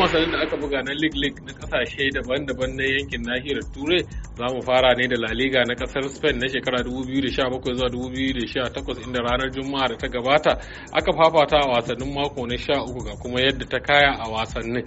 wasannin da aka buga na league league na kasashe daban-daban na yankin nahiyar turai za mu fara ne da la liga na kasar spain na shekara 2017 zuwa 2018 inda ranar juma'a da ta gabata aka fafata a wasannin mako na 13 ga kuma yadda ta kaya a wasannin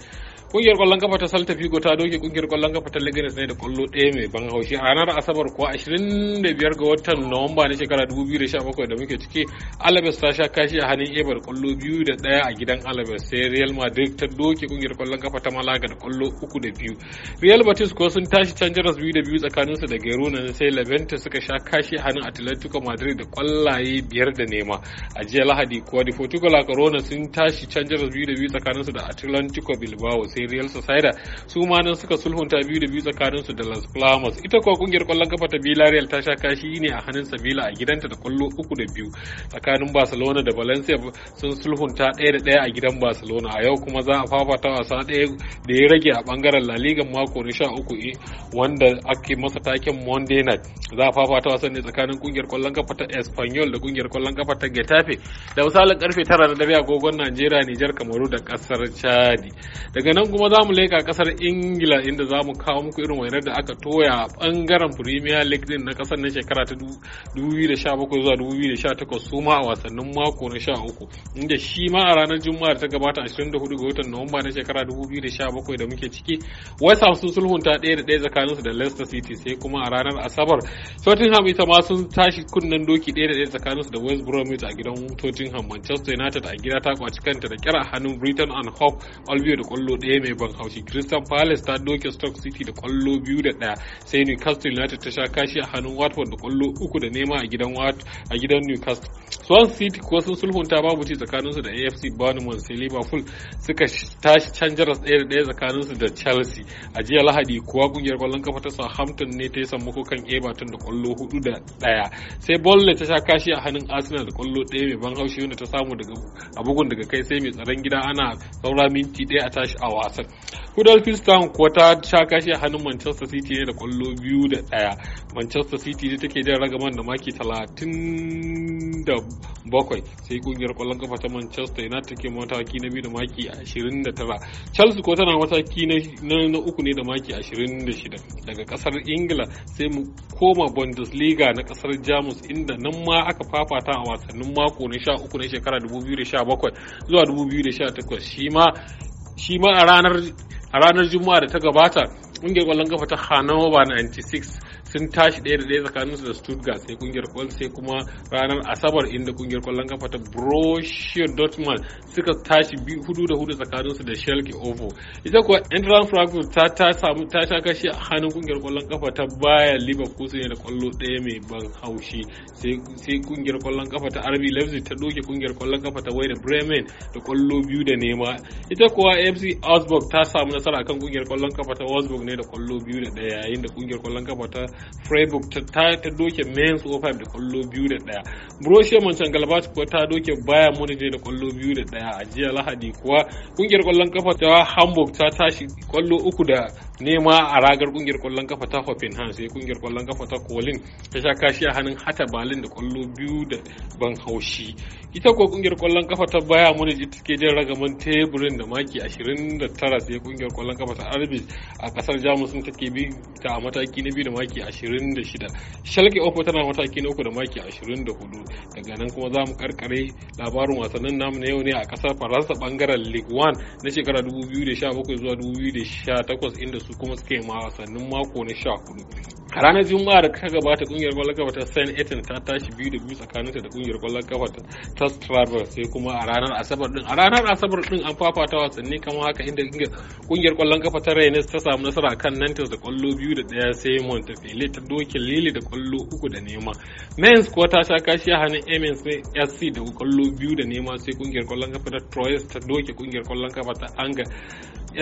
Kungiyar kwallon kafa ta Salta Figo ta doke kungiyar kwallon kafa ta Leganes ne da kwallo ɗaya mai ban haushi a ranar Asabar kuwa 25 ga watan Nuwamba na shekara 2017 da muke ciki Alabes ta sha kashi a hannun Ebar kwallo biyu da ɗaya a gidan Alabes sai Real Madrid ta doke kungiyar kwallon kafa ta Malaga da kwallo uku da biyu. Real batis kuwa sun tashi can jaras biyu da biyu tsakaninsu da Girona sai Levante suka sha kashi a hannun Atletico Madrid da kwallaye biyar da nema. A jiya Lahadi kuwa da Portugal a Corona sun tashi can biyu da biyu tsakaninsu da atletico Bilbao sai ne Real Sociedad su ma nan suka sulhunta biyu da biyu tsakanin su da Las Palmas ita kuwa kungiyar kwallon kafa ta Villarreal ta sha kashi ne a hannun Sevilla a gidanta da kwallo uku da biyu tsakanin Barcelona da Valencia sun sulhunta ɗaya da ɗaya a gidan Barcelona a yau kuma za a fafata wasa ɗaya da ya rage a bangaren La Liga mako na sha uku eh, wanda ake masa taken Monday night za a fafata wasan ne tsakanin kungiyar kwallon kafa ta Espanyol da kungiyar kwallon kafa ta Getafe da misalin karfe tara na dare agogon Najeriya Nijar Kamaru da kasar Chadi daga nan kuma za mu leka kasar ingila inda za mu kawo muku irin wainar da aka toya a bangaren premier league din na kasar na shekara ta 2017 zuwa 2018 su ma a wasannin mako na 13 inda shi ma a ranar da ta gabata 24 ga watan nuwamba na shekara 2017 da muke ciki west ham sun sulhunta ɗaya da ɗaya tsakaninsu da leicester city sai kuma a ranar asabar tottenham ita ma sun tashi kunnen doki ɗaya da ɗaya tsakaninsu da west bromwich a gidan tottenham manchester united a gida ta kwaci kanta da kira a hannun britain and hope albion da kwallo ɗaya ɗaya mai ban haushi crystal palace ta doke stoke city da kwallo biyu da ɗaya sai newcastle united ta sha kashi a hannun watford da kwallo uku da nema a gidan newcastle swan city ko sun sulhunta babu ci tsakaninsu da afc bournemouth sai liverpool suka tashi can jaras ɗaya da ɗaya tsakaninsu da chelsea a jiya lahadi kuwa kungiyar kwallon kafa ta southampton ne ta yi sammako kan everton da kwallo hudu da ɗaya sai bolle ta sha kashi a hannun arsenal da kwallo daya mai ban haushi wanda ta samu daga a bugun daga kai sai mai tsaron gida ana saura minti daya a tashi a wasan huddersfield town kuwa ta sha kashi a hannun manchester city ne da kwallo biyu da daya manchester city ne take jan ragaman da maki talatin 27 sai kungiyar kwallon kafa ta Manchester United ke mataki na biyu da maki 29 Chelsea ko tana mataki na uku ne da maki 26 daga kasar Ingila sai mu koma Bundesliga na kasar Jamus inda nan ma aka fafata a wasannin mako na 13 na shekara 2017 zuwa 2018 shi ma shi ma a ranar a ranar Juma'a da ta gabata ƙungiyar kwallon kafa ta hannover 96 sun tashi ɗaya da ɗaya tsakaninsu da Stuttgart sai kungiyar kwan sai kuma ranar Asabar inda kungiyar kwallon kafa ta Borussia Dortmund suka tashi hudu da hudu tsakaninsu da Schalke ovo Ita kuwa Eintracht Frankfurt ta ta samu ta sha kashi a hannun kungiyar kwallon kafa ta Bayer Leverkusen ne da kwallo ɗaya mai ban haushi sai kungiyar kwallon kafa ta RB Leipzig ta doke kungiyar kwallon kafa ta Werder Bremen da kwallo biyu da nema. Ita kuwa FC Augsburg ta samu nasara akan kungiyar kwallon kafa ta Wolfsburg ne da kwallo biyu da ɗaya yayin da kungiyar kwallon kafa ta freiburg ta doke mainz 05 da kwallo biyu da daya borussia mönchengladbach kuwa ta doke bayern munich da kwallo biyu da daya a jiya lahadi kuwa kungiyar kwallon kafa ta hamburg ta tashi kwallo uku da nema a ragar kungiyar kwallon kafa ta hoffenheim sai kungiyar kwallon kafa ta kolin ta sha kashi a hannun hata Berlin da kwallo biyu da ban haushi ita kuwa kungiyar kwallon kafa ta bayern munich ita ke jin ragaman teburin da maki 29 sai kungiyar kwallon kafa ta arbis a kasar jamus ta ke bi ta mataki na biyu da maki 26 shalke ofo tana mataki na uku da maki 24 daga nan kuma za mu karkare labarin wasannin namu na yau ne a kasar faransa bangaren league 1 na shekara 2017 zuwa 2018 inda su kuma suke ma wasannin mako na 14 a ranar juma'a da ta gabata kungiyar kwallon kafa ta saint etin ta tashi biyu da biyu tsakanin ta da kungiyar kwallon kafa ta tas strasbourg sai kuma a ranar asabar din a ranar asabar din an fafata wasanni kama haka inda kungiyar kwallon kafa ta rennes ta samu nasara kan nantes da kwallo biyu da daya sai montefiore ile ta doke lili da kwallo uku da nema mens kuwa ta sha kashi a hannun emens sc da kwallo biyu da nema sai kungiyar kwallon kafa ta troyes ta doke kungiyar kwallon kafa ta anga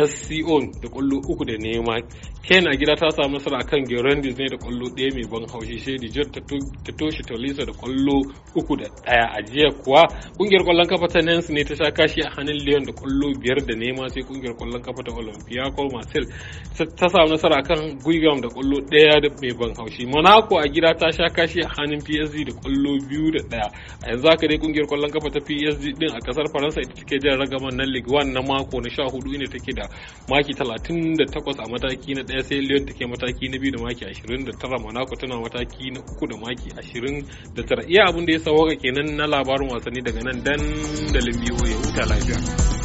sco da kwallo uku da nema ken a gida ta samu nasara akan gerondis ne da kwallo ɗaya mai ban haushi shedi jot ta toshe tolisa da kwallo uku da ɗaya a jiya kuwa kungiyar kwallon kafa ta Nance ne ta sha kashi a hannun leon da kwallo biyar da nema sai kungiyar kwallon kafa ta Olympia ko marcel ta samu nasara akan guigam da kwallo ɗaya da mai ban haushi monaco a gida ta sha kashi a hannun psg da kwallo biyu da ɗaya a yanzu haka dai kungiyar kwallon kafa ta psg din a kasar faransa ita take jan ragaman na ligue 1 na mako na sha ne take da da maki 38 a mataki na daya sai Lyon take mataki na biyu da maki 29 Monaco tana mataki na uku da maki 29 iya abin da ya sawaka kenan na labarin wasanni daga nan da limbiyo ya huta lafiya.